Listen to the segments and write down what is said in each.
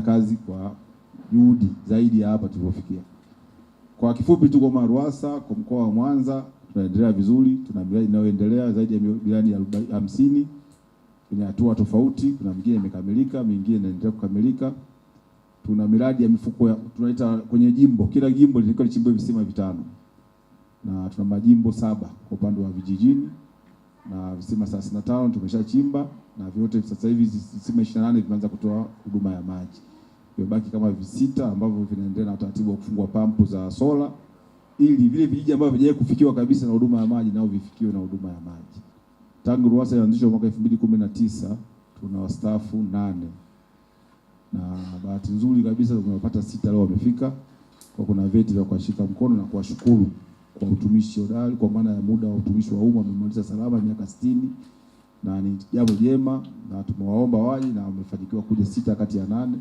kufanya kazi kwa juhudi zaidi ya hapa tulipofikia. Kwa kifupi tu, kwa Ruwasa kwa mkoa wa Mwanza tunaendelea vizuri, tuna miradi inayoendelea zaidi ya miradi hamsini kwenye hatua tofauti. Kuna mingine imekamilika, mingine inaendelea kukamilika. Tuna miradi ya mifuko ya tunaita kwenye jimbo, kila jimbo lilikuwa lichimbwe visima vitano na tuna majimbo saba kwa upande wa vijijini na visima 35 tumeshachimba na vyote sasa hivi visima 28 vimeanza kutoa huduma ya maji. Vimebaki kama visita ambavyo vinaendelea na utaratibu wa kufungua pampu za sola ili vile vijiji ambavyo havijawahi kufikiwa kabisa na huduma ya maji nao vifikiwe na huduma ya maji. Tangu RUWASA ilianzishwa mwaka 2019 tuna wastaafu nane na bahati nzuri kabisa tumepata sita leo wamefika kwa kuna veti vya kuwashika mkono na kuwashukuru ya utumishi hodari kwa maana ya muda wa utumishi wa umma amemaliza salama miaka sitini na ni jambo jema, na tumewaomba waje na wamefanikiwa kuja sita kati ya nane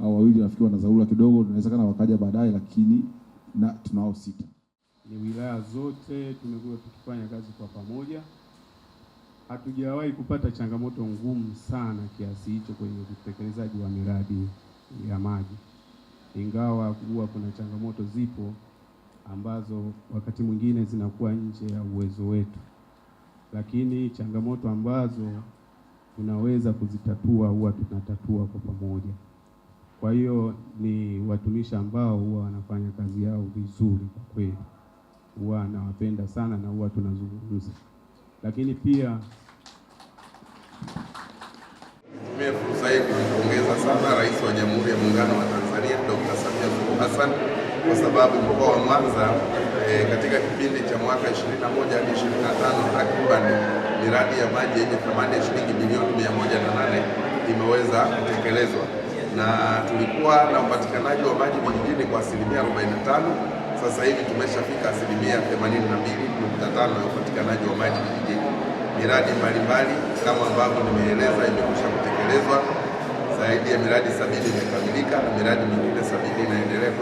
au wawili nafikiri wana dharura kidogo, inawezekana wakaja baadaye, lakini na tunao sita. Ni wilaya zote tumekuwa tukifanya kazi kwa pamoja, hatujawahi kupata changamoto ngumu sana kiasi hicho kwenye utekelezaji wa miradi ya maji, ingawa huwa kuna changamoto zipo ambazo wakati mwingine zinakuwa nje ya uwezo wetu, lakini changamoto ambazo tunaweza kuzitatua huwa tunatatua kwa pamoja. Kwa hiyo ni watumishi ambao huwa wanafanya kazi yao vizuri kwa kweli, huwa anawapenda sana na huwa tunazungumza, lakini pia tumia fursa hii kumpongeza sana Rais wa Jamhuri ya Muungano wa Tanzania Dr. Samia Suluhu Hassan kwa sababu mkoa wa Mwanza e, katika kipindi cha mwaka 21 hadi 25 takriban miradi ya maji yenye thamani ya shilingi bilioni 108 imeweza kutekelezwa na tulikuwa na upatikanaji wa maji vijijini kwa asilimia 45. Sasa hivi tumeshafika asilimia 82.5 ya upatikanaji wa maji vijijini. Miradi mbalimbali kama ambavyo nimeeleza imekwisha kutekelezwa, zaidi ya miradi sabini imekamilika na miradi mingine sabini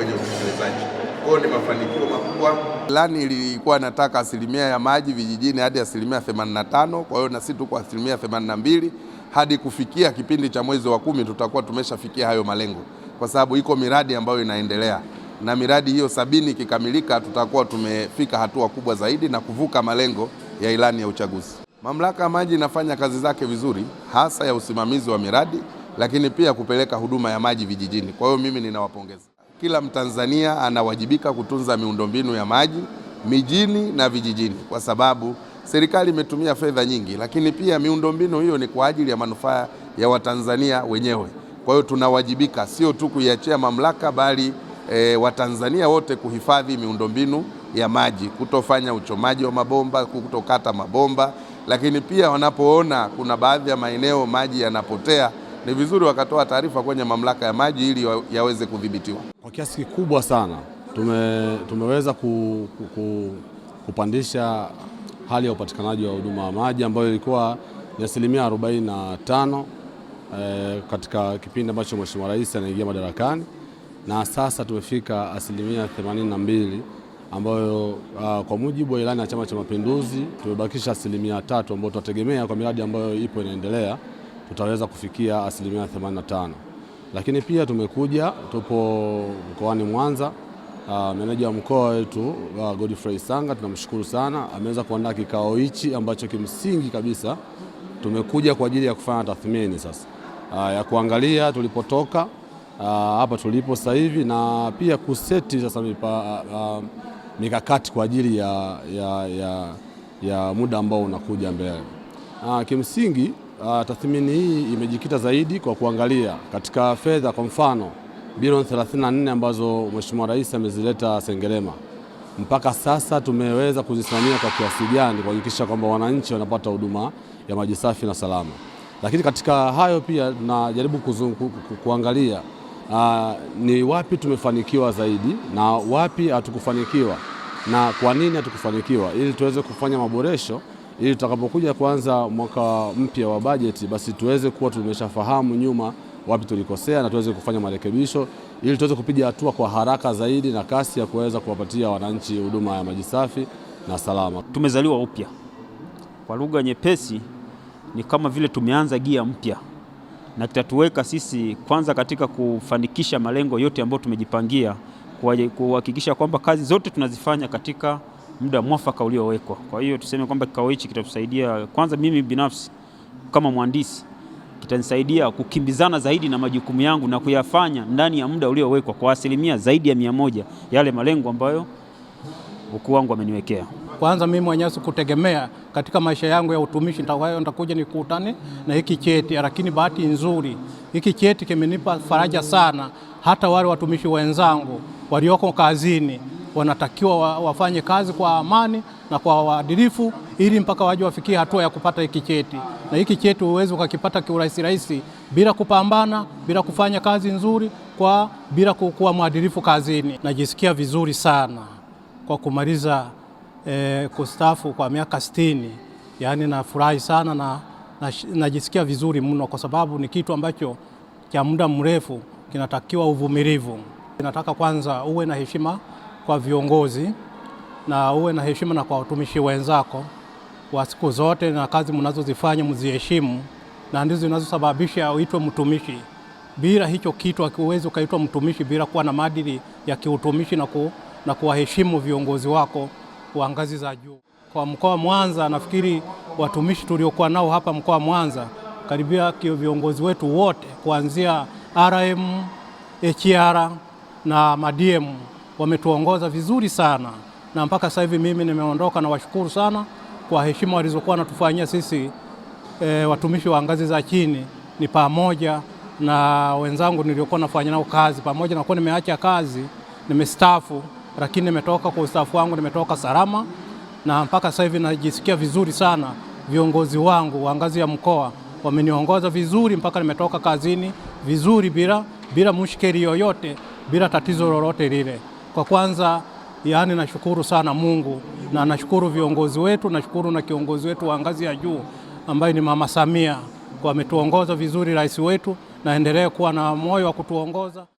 kwenye utekelezaji. Kwayo ni mafanikio makubwa. Ilani ilikuwa inataka asilimia ya maji vijijini hadi asilimia 85, kwa hiyo na sisi tuko asilimia 82. Hadi kufikia kipindi cha mwezi wa kumi tutakuwa tumeshafikia hayo malengo, kwa sababu iko miradi ambayo inaendelea na miradi hiyo sabini ikikamilika, tutakuwa tumefika hatua kubwa zaidi na kuvuka malengo ya ilani ya uchaguzi. Mamlaka ya maji inafanya kazi zake vizuri, hasa ya usimamizi wa miradi, lakini pia kupeleka huduma ya maji vijijini. Kwa hiyo mimi ninawapongeza kila Mtanzania anawajibika kutunza miundombinu ya maji mijini na vijijini, kwa sababu serikali imetumia fedha nyingi, lakini pia miundombinu hiyo ni kwa ajili ya manufaa ya Watanzania wenyewe. Kwa hiyo tunawajibika sio tu kuiachia mamlaka, bali e, Watanzania wote kuhifadhi miundombinu ya maji, kutofanya uchomaji wa mabomba, kutokata mabomba, lakini pia wanapoona kuna baadhi ya maeneo maji yanapotea ni vizuri wakatoa taarifa kwenye mamlaka ya maji ili yaweze kudhibitiwa. Kwa kiasi kikubwa sana tume, tumeweza ku, ku, ku, kupandisha hali ya upatikanaji wa huduma ya maji ambayo ilikuwa ni asilimia 45 eh, katika kipindi ambacho Mheshimiwa Rais anaingia madarakani na sasa tumefika asilimia 82 ambayo uh, kwa mujibu wa ilani ya Chama cha Mapinduzi tumebakisha asilimia tatu ambayo tunategemea kwa miradi ambayo ipo inaendelea tutaweza kufikia asilimia 85. Lakini pia tumekuja, tupo mkoani Mwanza. Uh, meneja wa mkoa wetu uh, Godfrey Sanga tunamshukuru sana, ameweza kuandaa kikao hichi ambacho kimsingi kabisa tumekuja kwa ajili ya kufanya tathmini sasa, uh, ya kuangalia tulipotoka, uh, hapa tulipo sasa hivi na pia kuseti sasa mipa, uh, mikakati kwa ajili ya, ya, ya, ya muda ambao unakuja mbele. Uh, kimsingi Uh, tathmini hii imejikita zaidi kwa kuangalia katika fedha, kwa mfano bilioni 34 ambazo Mheshimiwa Rais amezileta Sengerema, mpaka sasa tumeweza kuzisimamia kwa kiasi gani kuhakikisha kwamba wananchi wanapata huduma ya maji safi na salama. Lakini katika hayo pia tunajaribu kuangalia uh, ni wapi tumefanikiwa zaidi na wapi hatukufanikiwa na kwa nini hatukufanikiwa, ili tuweze kufanya maboresho ili tutakapokuja kuanza mwaka mpya wa bajeti, basi tuweze kuwa tumeshafahamu nyuma wapi tulikosea na tuweze kufanya marekebisho ili tuweze kupiga hatua kwa haraka zaidi na kasi ya kuweza kuwapatia wananchi huduma ya maji safi na salama. Tumezaliwa upya, kwa lugha nyepesi ni kama vile tumeanza gia mpya, na kitatuweka sisi kwanza katika kufanikisha malengo yote ambayo tumejipangia, kuhakikisha kwamba kazi zote tunazifanya katika muda mwafaka uliowekwa. Kwa hiyo tuseme kwamba kikao hichi kitatusaidia kwanza, mimi binafsi kama mhandisi kitanisaidia kukimbizana zaidi na majukumu yangu na kuyafanya ndani ya muda uliowekwa kwa asilimia zaidi ya mia moja yale malengo ambayo ukuu wangu ameniwekea. Kwanza mimi mwenyewe sikutegemea katika maisha yangu ya utumishi nitakuja nikutane na hiki cheti, lakini bahati nzuri hiki cheti kimenipa faraja sana. Hata wale watumishi wenzangu walioko kazini wanatakiwa wafanye kazi kwa amani na kwa uadilifu, ili mpaka waje wafikie hatua ya kupata hiki cheti. Na hiki cheti huwezi ukakipata kiurahisi rahisi bila kupambana, bila kufanya kazi nzuri kwa, bila kuwa mwadilifu kazini. Najisikia vizuri sana kwa kumaliza eh, kustafu kwa miaka sitini, yaani nafurahi sana na najisikia na vizuri mno kwa sababu ni kitu ambacho cha muda mrefu kinatakiwa uvumilivu. Nataka kwanza uwe na heshima kwa viongozi na uwe na heshima na kwa watumishi wenzako wa siku zote, na kazi mnazozifanya mziheshimu, na ndizo zinazosababisha uitwe mtumishi. Bila hicho kitu huwezi ukaitwa mtumishi, bila kuwa na maadili ya kiutumishi na, ku, na kuwaheshimu viongozi wako wa ngazi za juu. Kwa mkoa wa Mwanza, nafikiri watumishi tuliokuwa nao hapa mkoa wa Mwanza, karibia viongozi wetu wote kuanzia RM, HR na madiemu wametuongoza vizuri sana, na mpaka sasa hivi mimi nimeondoka na washukuru sana kwa heshima walizokuwa wanatufanyia sisi e, watumishi wa ngazi za chini, ni pamoja na wenzangu niliokuwa nafanya nao kazi, pamoja na kuwa nimeacha kazi, nimestaafu, lakini nimetoka kwa ustaafu wangu, nimetoka salama, na mpaka sasa hivi najisikia vizuri sana. Viongozi wangu wa ngazi ya mkoa wameniongoza vizuri mpaka nimetoka kazini vizuri, bila bila mushkeli yoyote, bila tatizo lolote lile. Kwa kwanza, yaani nashukuru sana Mungu na nashukuru viongozi wetu, nashukuru na kiongozi wetu wa ngazi ya juu ambaye ni Mama Samia, wametuongoza vizuri rais wetu, naendelee kuwa na moyo wa kutuongoza.